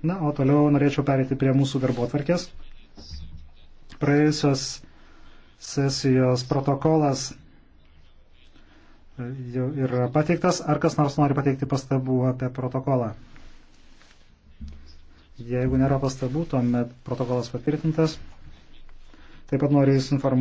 Na, o toliau norėčiau perėti prie mūsų darbo atvarkės. Praėjusios sesijos protokolas jau yra pateiktas. Ar kas nors nori pateikti pastabų apie protokolą? Jeigu nėra pastabų, tuomet protokolas patvirtintas. Taip pat noriu Jūs informuoti.